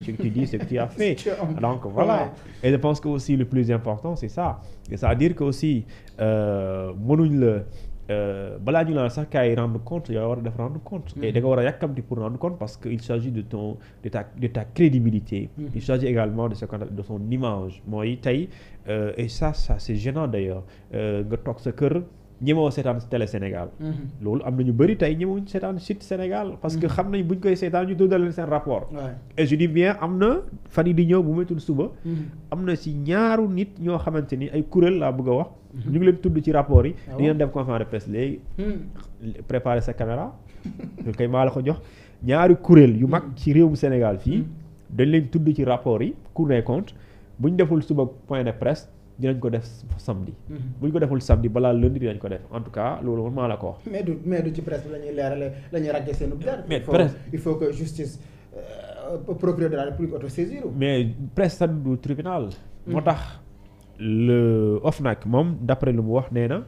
ce que tu dis, ce que tu fait. Donc voilà. Et je pense que aussi le plus important, c'est ça. C'est-à-dire que aussi euh, mënuñ la euh, balaa ñu naan sax kaay rendre compte yoo war a def rendre compte. et da nga war a yàkkamti pour rendre compte parce que il s'agit de ton de ta de ta crédibilité. Mm-hmm. il s'agit également de ce de son image mooy tey euh, et ça ça c'est gênant d'ailleurs nga toog sa kër. ñemewoo seetaan télé Sénégal. Mhm. loolu am na ñu bëri tey ñemewuñ seetaan site Sénégal. parce que mhm. xam nañ buñ koy seetaan ñu dundal leen seen rapport. et je dis bien am na fan yi di ñëw bu méttul suba. Mhm. am na si ñaaru nit ñoo xamante ni ay kuréel laa bëgg a wax. ñu ngi leen tudd ci rapport yi. Ah di ngeen def conférence de presse léegi. Hmm. préparer sa kamera kay maa la ko jox ñaari kuréel yu mag hmm. ci réewum Sénégal fii. Hmm. dañ leen tudd ci rapport yi Cour des bu ñu deful suba point de presse. dinañ ko def samedi. Mm-hmm. bu ñu ko deful samedi balaa lundi dinañ ko def en tout cas loolu man maa la ko wax. mais du mais du ci presse bi la ñuy leerale la ñuy seen ubbi. mais presse il faut que justice euh, procureur de la république mais presse tamit du tribunal. Mm-hmm. moo tax le OFNAC moom d' lu mu wax nee na.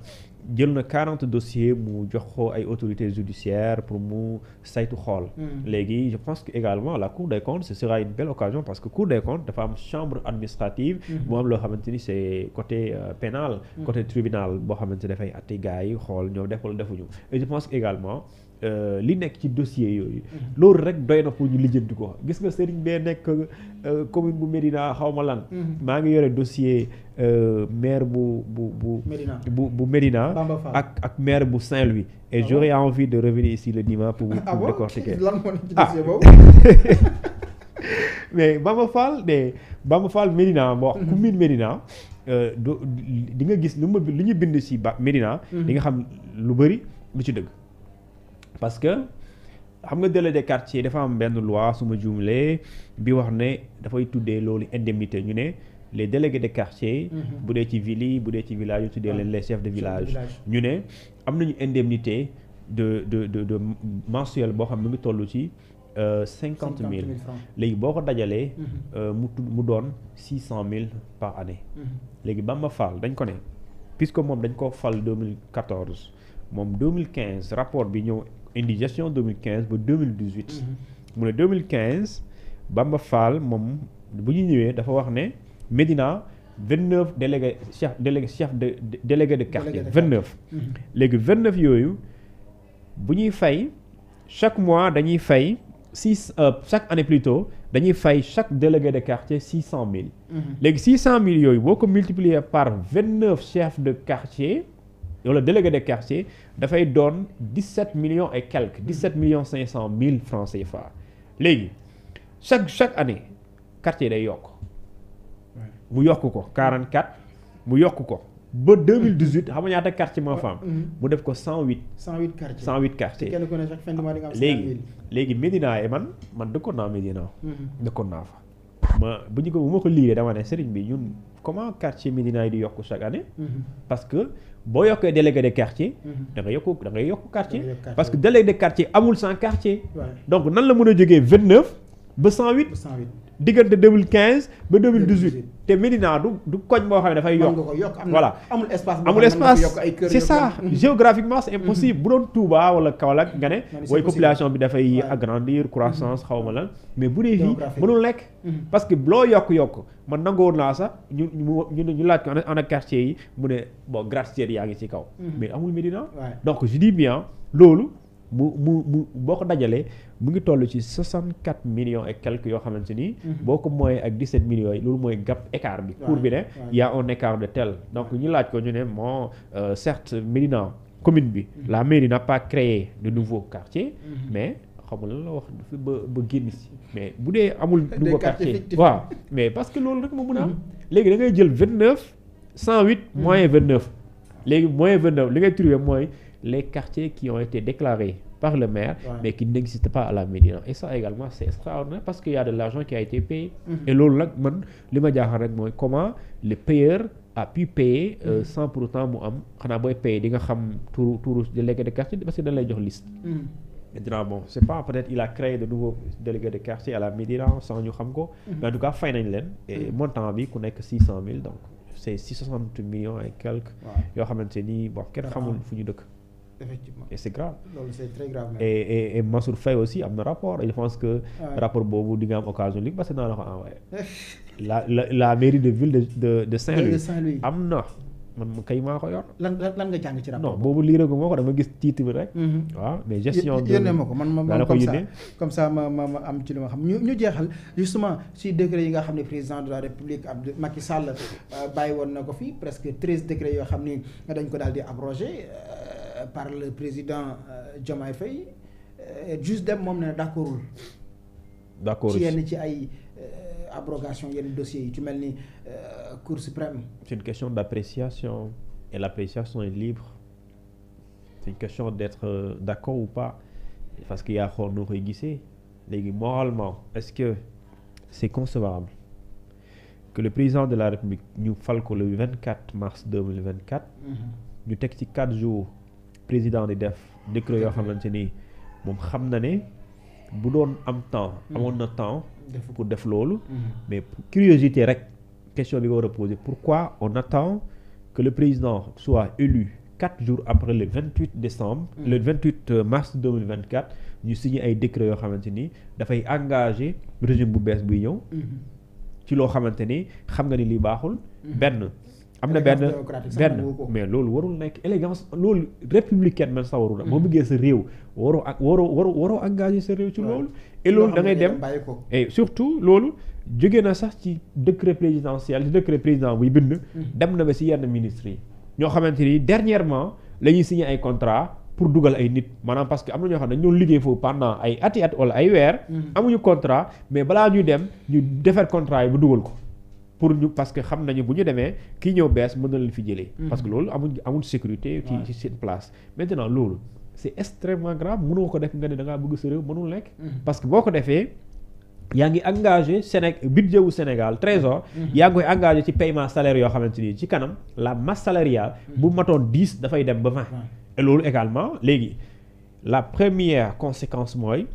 jël na quarante dossiers mu jox ko ay autorités judiciaires pour mu saytu xool. Hmm. léegi je pense que également la cour des comptes ce sera une belle occasion parce que cour des comptes dafa am chambre administrative. mu hmm. am loo xamante ni c' côté euh, pénal. Hmm. côté tribunal boo xamante dafay àtte gars yi xool ñoom def defuñu et je pense également. Euh, li nekk ci dossier yooyu loolu rek doy na pour ñu lijjanti ko gis nga sëriñ bee nekk euh, commune bu Médina xaw ma lan mhm. maa ngi yore dossier euh, maire bu bu bu bu bu Médina ak ak maire bu Saint-Louis et ah j'aurais envie de revenir ici le pour pour ah lan moo nekk ci ah. dossier boobu mais Bamba Fall de Bamba Fall Médina boo wax commune Médina do di nga gis lu ma lu ñu bind si ba Médina mhm. di nga xam lu bëri lu ci dëgg parce que xam nga délégué des quartiers dafa am benn loi su ma juumlee bi wax ne dafay tuddee loolu indemnité ñu ne les délégués des quartiers. Mhm. bu dee ci villes yi bu dee ci village yu tuddee leen les chefs de village. ñu ne am nañu indemnité de de de de mensuel boo xam ne mu ngi toll ci. Euh, cinquante mille léegi boo ko dajalee. Mhm. Euh, mu tud mu doon six cent mille par année. Mhm. léegi ma Fall dañ ko ne puisque moom dañ ko fal 2014 moom 2015 rapport bi ñëw indi gestion 2015 ba 2018. mu ne 2015 Bamba Fall moom bu ñuy ñëwee dafa wax ne Médina 29 délégué chef délégué chef de délégué de quartier 29. Mhm. léegi 29 yooyu bu ñuy fay chaque mois dañuy fay six euh, chaque année plutôt dañuy fay chaque délégué de quartier 600000. Mhm. léegi cent mille yooyu boo ko multiplier par vingt 29 chefs de quartier. wala délégué de quartier dafay doon 17 millions et quelques million cinq 500 mille francs CFA léegi chaque chaque année quartier day yokk mu yokk ko 44 mu yokk ko ba 2018 xam nga ñaata quartier moo fa am mm-hmm. mu def ko 108. huit quartier 108 quartier léegi léegi Médina man man dëkkoon naa Médina mm-hmm. dëkkoon naa fa ma bu ñu ko bu ma ko liiree dama ne sëriñ bi ñun comment quartier Médina yi di yokk chaque année. Mm-hmm. parce que boo yokkee délégué de quartier. Mm-hmm. da nga yokk da ngay yokk quartier. parce que délégué de quartier amul sans quartier. donc nan la mën a jógee vingt neuf. ba 108. ba 108 diggante 2015 ba 2018. te Médina du du koñ boo xam ne dafay yokk. voilà amul espace. amul espace c'est ça géographiquement c'est impossible. Mmh. bu doon Touba wala Kaolack nga ne. mooy mmh. population bi dafay agrandir mmh. croissance xaw ma lan. mais bu dee fii mënul lekk. parce que loo yokk yokk man nangoon naa sax ñu ñu ñu laaj ko na quartier yi mu ne bon gratte-ciel yaa ngi ci kaw. mais amul Médina. donc je dis bien loolu. mu mu mu boo ko dajalee mu ngi toll ci 64 millions et quelques yoo xamante ni. Mhm. boo ko mooyee ak 17 millions yi loolu mooy gap écart bi. cour bi ne y on écart de tel. donc ñu laaj ko ñu ne moo euh, certes Médina commune bi. Mhm. la mairie n'a pas créé de nouveaux quartiers. Mhm. mais xamul la la wax ba ba génn si mais bu dee amul. nouveau quartier waaw mais parce que loolu rek moo mun a am. léegi da ngay jël 29 108 moyen 29. léegi moyen 29 li ngay trouvé mooy. les quartiers qui ont été déclarés par le maire, ouais. mais qui n'existent pas à la Médina. Et ça également, c'est extraordinaire parce qu'il y a de l'argent qui a été payé. Mhm. Et loolu nag man li ma jaaxal rek mooy comment le payeur a pu payer euh, mhm. sans pour autant mu am xanaa booy payer di nga xam turu tour délégué de quartier parce que dañ lay jox liste. Mhm. maintenant bon c'est pas peut-être il a créé de nouveaux délégués de quartier à la Médina sans ñu xam ko. mais en tout cas fay nañ ku nekk six cent donc c'est six cent xamante ni bon kenn fu ñu dëkk. effectivement et c'est grave. loolu c'est très grave. et et aussi am na rapport et je que. rapport boobu di am occasion li nga parce naa la ko envoyé. la la la mairie de ville de de Saint-Louis. am na. man kay maa ko yor. lan lan nga jàng ci rapport boobu lii rek moo ko dama gis titre bi rek. Mhm. waaw mais gestion de yónnee ma ko man ma ma comme ça comme ça ma ma am ci li ma xam ñu jeexal justement si décret yi nga xam ne président de la république Abdou Macky Sall euh, bàyyi woon na ko fi presque treize décrets yoo xam ni dañ ko daal di abrogé. Euh, Euh, par le président euh, Diomaye Faye euh, juste dem moom ne d'accordul d'accord ci yenn ci ay abrogation yenn dossiers yi ci mel ni Cour suprême c'est une question d'appréciation et l'appréciation est libre c'est une question d'être d'accord ou pas parce que yaa xool noo koy gisee léegi moralement est-ce que c'est concevable que le président de la République ñu fal ko le 24 mars 2024 mm-hmm. ñu teg ci 4 jours président di def décret yoo xamante ni moom xam na ne bu doon am temps hmm. amoon na temps pour def loolu hmm. mais curiosité rek question bi nga war a poser pourquoi on attend que le président soit élu quatre jours après le 28 décembre hmm. le 28 euh, mars 2024 ñu signé ay décret yoo xamante ni dafay engagé régime bu bees buy ñëw ci loo xamante ni xam nga ni lii baaxul benn am na benn benn mais loolu warul nekk élégance loolu républicaine man sax warul. boo bëggee sa réew waroo ak waroo waroo waroo engagé sa réew ci loolu. et loolu da ngay dem et surtout loolu. jóge na sax ci décret présidentiel ci décret président buy bind. Mm-hmm. dem na ba si yenn ministres yi. ñoo xamante ni dernièrement la ñuy signé ay contrat pour dugal ay nit maanaam parce que am na ñoo xam ne dañu liggéey foofu pendant ay ati at wala ay weer. Mm-hmm. amuñu contrat mais balaa ñuy dem ñu defar contrat yi bu dugal ko. pour ñu parce que xam nañu bu ñu demee kii ñëw bees mën na leen fi jëlee. Mhm. parce que loolu amuñ amuñ sécurité. ci ci seen place maintenant loolu. c'est extrêmement grave mënoo ko def nga ne da bëgg sa réew mënul nekk. Mhm. parce que boo ko defee yaa ngi engagé Séné budget wu Sénégal trésor. Mhm. yaa ngi koy engagé ci paiement salaire yoo xamante ni ci kanam la masse bu matoon dix dafay dem ba ma loolu également léegi la première conséquence mooy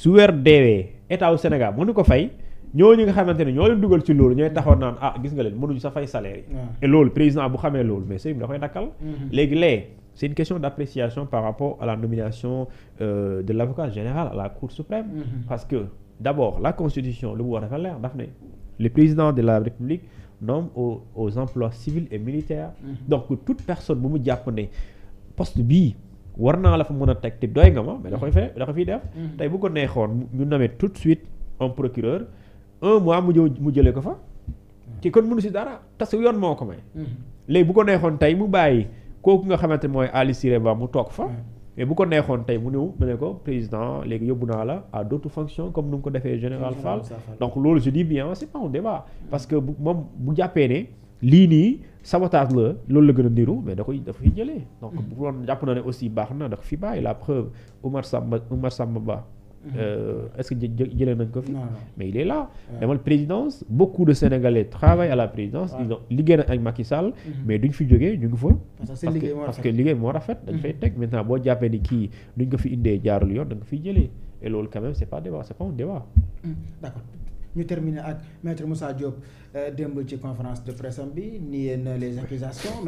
su weer deewee état wu Sénégal mënu ko fay. ñooñu nga xamante ne ñoo leen dugal ci loolu ñooy taxoon naan ah gis nga leen mënuñu sa fay salaire yi et loolu président bu xamee loolu mais sëñ bi da koy dakkal mm-hmm. léegi lee c'est une question d'appréciation par rapport à la nomination euh, de l'avocat général à la Cour suprême mm-hmm. parce que d'abord la constitution lu mu war dafa leer daf ne le président de la République nomme au aux emplois civils et militaires mm -hmm. donc toute personne bu mu jàpp ne poste bii war naa la fa mën a teg te nga ma mais da koy fee da koy fiy def mm-hmm. tey bu ko neexoon ñu nommer tout de suite un procureur un mois mu jë mu jëlee ko fa. ci kon mënu si dara parce que yoon moo ko may. Mm-hmm. léegi bu ko neexoon tey mu bàyyi kooku nga xamante mooy Aly Ciré Ba mu toog fa. Mm-hmm. mais bu ko neexoon tey mu ñëw ne ko président léegi yóbbu naa la à d'autres fonctions comme nu mu ko defee général Fall donc loolu je dis bien c'est pas un débat mm-hmm. parce que bu moom bu jàppee ne lii nii sabotage la loolu la gën a niru mais da koy da fiy jëlee donc bu doon jàpp na ne aussi baax na da ko fi bàyyi la preuve Omar Samba Omar Samba Ba Euh, est-ce que jëlee nañ ko fi mais il est là demal présidence beaucoup de Sénégalais travaillent à la présidence ils liggéey nañ ak Macky Sall mhm. mais duñ fi jógee ñu ngi fa parce que liggéey moo rafet dañ fay mhm. teg maintenant boo jàppee ni kii duñ ko fi indee jaarul yoon da nga fiy jëlee loolu quand c'est pas débat c'est pas un débat mhm. d'accord ñu terminer ak maître Moussa Diop euh, démb ci conférence de presse bi nié na les accusations